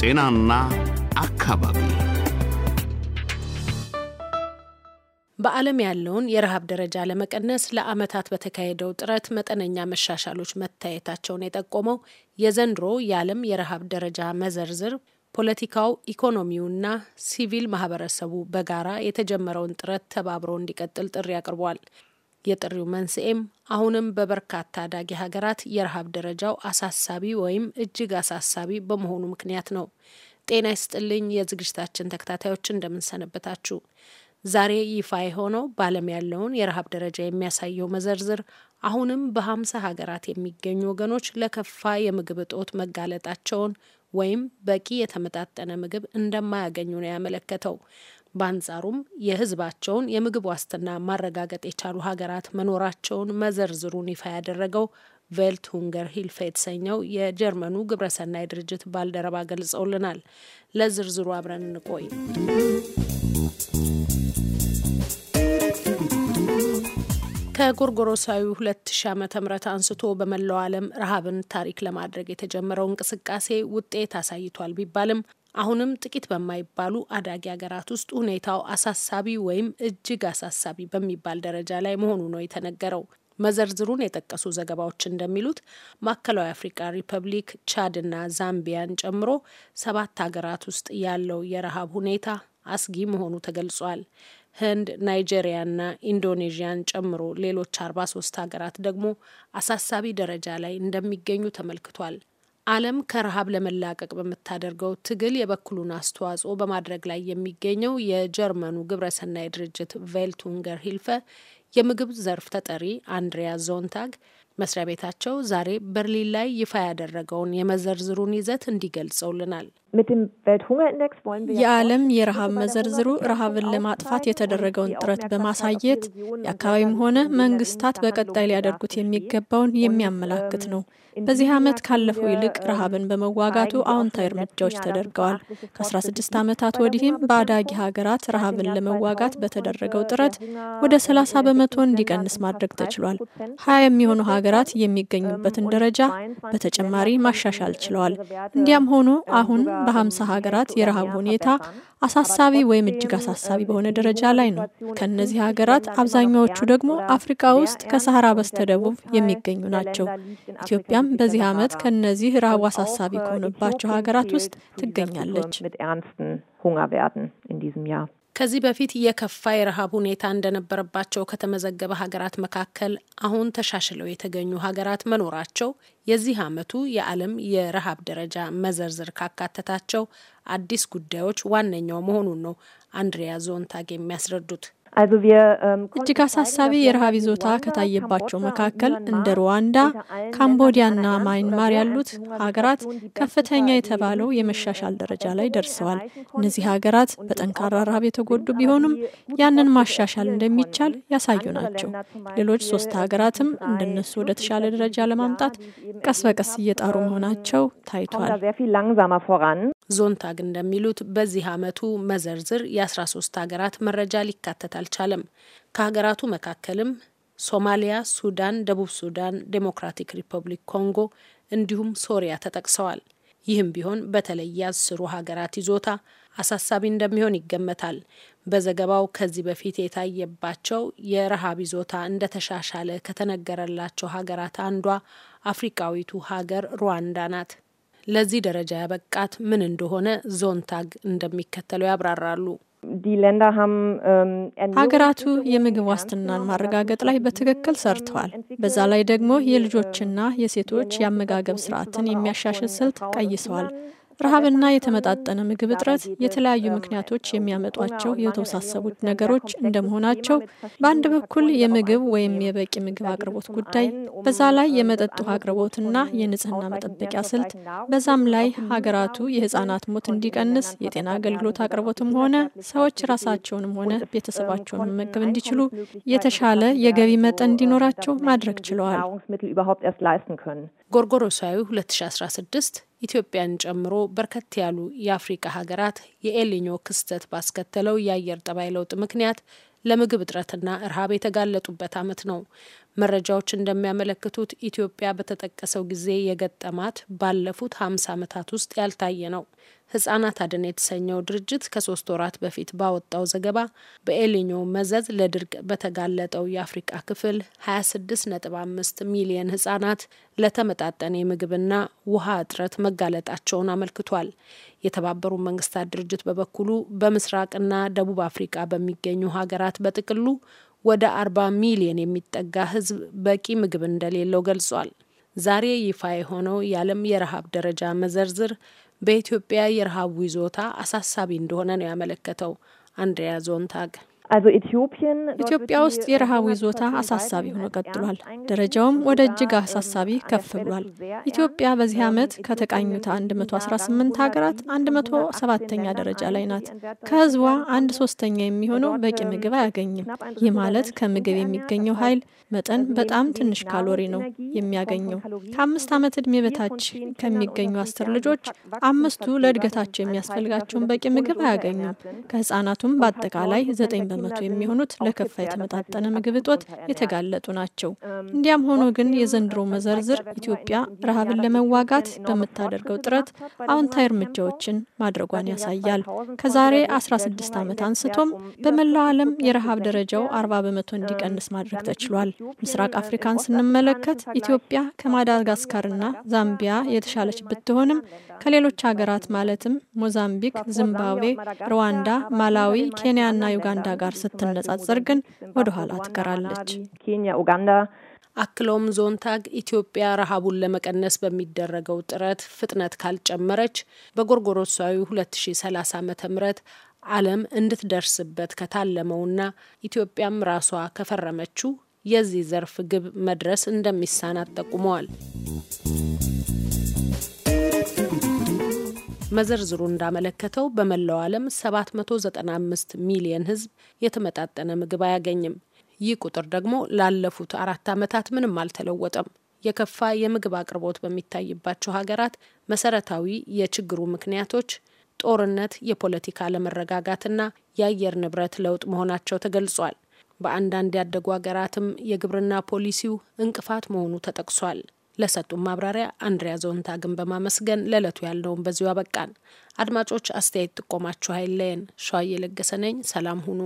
ጤናና አካባቢ በዓለም ያለውን የረሃብ ደረጃ ለመቀነስ ለአመታት በተካሄደው ጥረት መጠነኛ መሻሻሎች መታየታቸውን የጠቆመው የዘንድሮ የዓለም የረሃብ ደረጃ መዘርዝር ፖለቲካው፣ ኢኮኖሚውና ሲቪል ማህበረሰቡ በጋራ የተጀመረውን ጥረት ተባብሮ እንዲቀጥል ጥሪ አቅርቧል። የጥሪው መንስኤም አሁንም በበርካታ አዳጊ ሀገራት የረሃብ ደረጃው አሳሳቢ ወይም እጅግ አሳሳቢ በመሆኑ ምክንያት ነው። ጤና ይስጥልኝ የዝግጅታችን ተከታታዮች እንደምንሰነበታችሁ። ዛሬ ይፋ የሆነው በዓለም ያለውን የረሃብ ደረጃ የሚያሳየው መዘርዝር አሁንም በሀምሳ ሀገራት የሚገኙ ወገኖች ለከፋ የምግብ እጦት መጋለጣቸውን ወይም በቂ የተመጣጠነ ምግብ እንደማያገኙ ነው ያመለከተው። በአንጻሩም የህዝባቸውን የምግብ ዋስትና ማረጋገጥ የቻሉ ሀገራት መኖራቸውን መዘርዝሩን ይፋ ያደረገው ቬልት ሁንገር ሂልፈ የተሰኘው የጀርመኑ ግብረሰናይ ድርጅት ባልደረባ ገልጸውልናል። ለዝርዝሩ አብረን እንቆይ። ከጎርጎሮሳዊ 2000 ም አንስቶ በመላው ዓለም ረሃብን ታሪክ ለማድረግ የተጀመረው እንቅስቃሴ ውጤት አሳይቷል ቢባልም አሁንም ጥቂት በማይባሉ አዳጊ ሀገራት ውስጥ ሁኔታው አሳሳቢ ወይም እጅግ አሳሳቢ በሚባል ደረጃ ላይ መሆኑ ነው የተነገረው። መዘርዝሩን የጠቀሱ ዘገባዎች እንደሚሉት ማዕከላዊ አፍሪካ ሪፐብሊክ፣ ቻድና ዛምቢያን ጨምሮ ሰባት ሀገራት ውስጥ ያለው የረሃብ ሁኔታ አስጊ መሆኑ ተገልጿል። ህንድ፣ ናይጄሪያና ኢንዶኔዥያን ጨምሮ ሌሎች አርባ ሶስት ሀገራት ደግሞ አሳሳቢ ደረጃ ላይ እንደሚገኙ ተመልክቷል። ዓለም ከረሃብ ለመላቀቅ በምታደርገው ትግል የበኩሉን አስተዋጽኦ በማድረግ ላይ የሚገኘው የጀርመኑ ግብረሰናይ ድርጅት ቬልቱንገር ሂልፈ የምግብ ዘርፍ ተጠሪ አንድሪያ ዞንታግ መስሪያ ቤታቸው ዛሬ በርሊን ላይ ይፋ ያደረገውን የመዘርዝሩን ይዘት እንዲገልጸውልናል። የዓለም የረሃብ መዘርዝሩ ረሃብን ለማጥፋት የተደረገውን ጥረት በማሳየት የአካባቢም ሆነ መንግስታት በቀጣይ ሊያደርጉት የሚገባውን የሚያመላክት ነው። በዚህ ዓመት ካለፈው ይልቅ ረሃብን በመዋጋቱ አዎንታዊ እርምጃዎች ተደርገዋል። ከ16 ዓመታት ወዲህም በአዳጊ ሀገራት ረሃብን ለመዋጋት በተደረገው ጥረት ወደ 30 በመቶ እንዲቀንስ ማድረግ ተችሏል። ሀያ የሚሆኑ ሀገራት የሚገኙበትን ደረጃ በተጨማሪ ማሻሻል ችለዋል። እንዲያም ሆኖ አሁን በሀምሳ ሀገራት የረሃብ ሁኔታ አሳሳቢ ወይም እጅግ አሳሳቢ በሆነ ደረጃ ላይ ነው። ከእነዚህ ሀገራት አብዛኛዎቹ ደግሞ አፍሪካ ውስጥ ከሰሃራ በስተደቡብ የሚገኙ ናቸው። ኢትዮጵያም በዚህ ዓመት ከእነዚህ ረሃቡ አሳሳቢ ከሆነባቸው ሀገራት ውስጥ ትገኛለች። ከዚህ በፊት የከፋ የረሃብ ሁኔታ እንደነበረባቸው ከተመዘገበ ሀገራት መካከል አሁን ተሻሽለው የተገኙ ሀገራት መኖራቸው የዚህ ዓመቱ የዓለም የረሃብ ደረጃ መዘርዝር ካካተታቸው አዲስ ጉዳዮች ዋነኛው መሆኑን ነው አንድሪያ ዞንታግ የሚያስረዱት። እጅግ አሳሳቢ የረሃብ ይዞታ ከታየባቸው መካከል እንደ ሩዋንዳ፣ ካምቦዲያና ማይንማር ያሉት ሀገራት ከፍተኛ የተባለው የመሻሻል ደረጃ ላይ ደርሰዋል። እነዚህ ሀገራት በጠንካራ ረሃብ የተጎዱ ቢሆኑም ያንን ማሻሻል እንደሚቻል ያሳዩ ናቸው። ሌሎች ሶስት ሀገራትም እንደነሱ ወደ ተሻለ ደረጃ ለማምጣት ቀስ በቀስ እየጣሩ መሆናቸው ታይቷል። ዞንታግ እንደሚሉት በዚህ ዓመቱ መዘርዝር የ13 ሀገራት መረጃ ሊካተታል አልቻለም። ከሀገራቱ መካከልም ሶማሊያ፣ ሱዳን፣ ደቡብ ሱዳን፣ ዴሞክራቲክ ሪፐብሊክ ኮንጎ እንዲሁም ሶሪያ ተጠቅሰዋል። ይህም ቢሆን በተለይ የአስሩ ሀገራት ይዞታ አሳሳቢ እንደሚሆን ይገመታል። በዘገባው ከዚህ በፊት የታየባቸው የረሃብ ይዞታ እንደተሻሻለ ከተነገረላቸው ሀገራት አንዷ አፍሪካዊቱ ሀገር ሩዋንዳ ናት። ለዚህ ደረጃ ያበቃት ምን እንደሆነ ዞንታግ እንደሚከተለው ያብራራሉ። Ähm, ሀገራቱ የምግብ ዋስትናን ማረጋገጥ ላይ በትክክል ሰርተዋል። በዛ ላይ ደግሞ የልጆችና ähm, የሴቶች የአመጋገብ ስርዓትን የሚያሻሽል ስልት ቀይሰዋል። ረሃብና የተመጣጠነ ምግብ እጥረት የተለያዩ ምክንያቶች የሚያመጧቸው የተወሳሰቡት ነገሮች እንደመሆናቸው በአንድ በኩል የምግብ ወይም የበቂ ምግብ አቅርቦት ጉዳይ፣ በዛ ላይ የመጠጥ ውሃ አቅርቦትና የንጽህና መጠበቂያ ስልት፣ በዛም ላይ ሀገራቱ የህጻናት ሞት እንዲቀንስ የጤና አገልግሎት አቅርቦትም ሆነ ሰዎች ራሳቸውንም ሆነ ቤተሰባቸውን መመገብ እንዲችሉ የተሻለ የገቢ መጠን እንዲኖራቸው ማድረግ ችለዋል። ጎርጎሮሳዊ 2016 ኢትዮጵያን ጨምሮ በርከት ያሉ የአፍሪካ ሀገራት የኤልኞ ክስተት ባስከተለው የአየር ጠባይ ለውጥ ምክንያት ለምግብ እጥረትና እርሃብ የተጋለጡበት ዓመት ነው። መረጃዎች እንደሚያመለክቱት ኢትዮጵያ በተጠቀሰው ጊዜ የገጠማት ባለፉት ሀምሳ ዓመታት ውስጥ ያልታየ ነው። ህጻናት አድን የተሰኘው ድርጅት ከሶስት ወራት በፊት ባወጣው ዘገባ በኤሊኞ መዘዝ ለድርቅ በተጋለጠው የአፍሪቃ ክፍል 26.5 ሚሊየን ህጻናት ለተመጣጠነ የምግብና ውሃ እጥረት መጋለጣቸውን አመልክቷል። የተባበሩት መንግስታት ድርጅት በበኩሉ በምስራቅና ደቡብ አፍሪቃ በሚገኙ ሀገራት በጥቅሉ ወደ 40 ሚሊዮን የሚጠጋ ህዝብ በቂ ምግብ እንደሌለው ገልጿል። ዛሬ ይፋ የሆነው የዓለም የረሃብ ደረጃ መዘርዝር በኢትዮጵያ የረሃቡ ይዞታ አሳሳቢ እንደሆነ ነው ያመለከተው። አንድሪያ ዞንታግ ኢትዮጵያ ውስጥ የረሃቡ ይዞታ አሳሳቢ ሆኖ ቀጥሏል። ደረጃውም ወደ እጅግ አሳሳቢ ከፍ ብሏል። ኢትዮጵያ በዚህ ዓመት ከተቃኙት 118 ሀገራት 107ኛ ደረጃ ላይ ናት። ከህዝቧ አንድ ሶስተኛ የሚሆነው በቂ ምግብ አያገኝም። ይህ ማለት ከምግብ የሚገኘው ኃይል መጠን በጣም ትንሽ ካሎሪ ነው የሚያገኘው። ከአምስት ዓመት ዕድሜ በታች ከሚገኙ አስር ልጆች አምስቱ ለእድገታቸው የሚያስፈልጋቸውን በቂ ምግብ አያገኙም። ከህጻናቱም በአጠቃላይ ዘጠኝ በ በመቶ የሚሆኑት ለከፋ የተመጣጠነ ምግብ እጦት የተጋለጡ ናቸው። እንዲያም ሆኖ ግን የዘንድሮ መዘርዝር ኢትዮጵያ ረሃብን ለመዋጋት በምታደርገው ጥረት አዎንታዊ እርምጃዎችን ማድረጓን ያሳያል። ከዛሬ 16 ዓመት አንስቶም በመላው ዓለም የረሃብ ደረጃው 40 በመቶ እንዲቀንስ ማድረግ ተችሏል። ምስራቅ አፍሪካን ስንመለከት ኢትዮጵያ ከማዳጋስካርና ዛምቢያ የተሻለች ብትሆንም ከሌሎች ሀገራት ማለትም ሞዛምቢክ፣ ዚምባብዌ፣ ሩዋንዳ፣ ማላዊ፣ ኬንያና ዩጋንዳ ጋር ጋር ስትነጻጸር ግን ወደ ኋላ ትቀራለች። አክሎም ዞንታግ ኢትዮጵያ ረሃቡን ለመቀነስ በሚደረገው ጥረት ፍጥነት ካልጨመረች በጎርጎሮሳዊ 2030 ዓ ም ዓለም እንድትደርስበት ከታለመውና ኢትዮጵያም ራሷ ከፈረመችው የዚህ ዘርፍ ግብ መድረስ እንደሚሳናት ጠቁመዋል። መዘርዝሩ እንዳመለከተው በመላው ዓለም 795 ሚሊየን ሕዝብ የተመጣጠነ ምግብ አያገኝም። ይህ ቁጥር ደግሞ ላለፉት አራት ዓመታት ምንም አልተለወጠም። የከፋ የምግብ አቅርቦት በሚታይባቸው ሀገራት መሰረታዊ የችግሩ ምክንያቶች ጦርነት፣ የፖለቲካ አለመረጋጋትና የአየር ንብረት ለውጥ መሆናቸው ተገልጿል። በአንዳንድ ያደጉ ሀገራትም የግብርና ፖሊሲው እንቅፋት መሆኑ ተጠቅሷል። ለሰጡን ማብራሪያ አንድሪያ ዞንታግን በማመስገን ለዕለቱ ያለውን በዚሁ አበቃን። አድማጮች አስተያየት ጥቆማችሁ አይለየን። ሸዋዬ ለገሰ ነኝ። ሰላም ሁኑ።